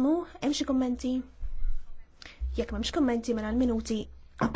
Mu, hemm xi kummenti? Jekk m'hemmx kummenti mela l-minuti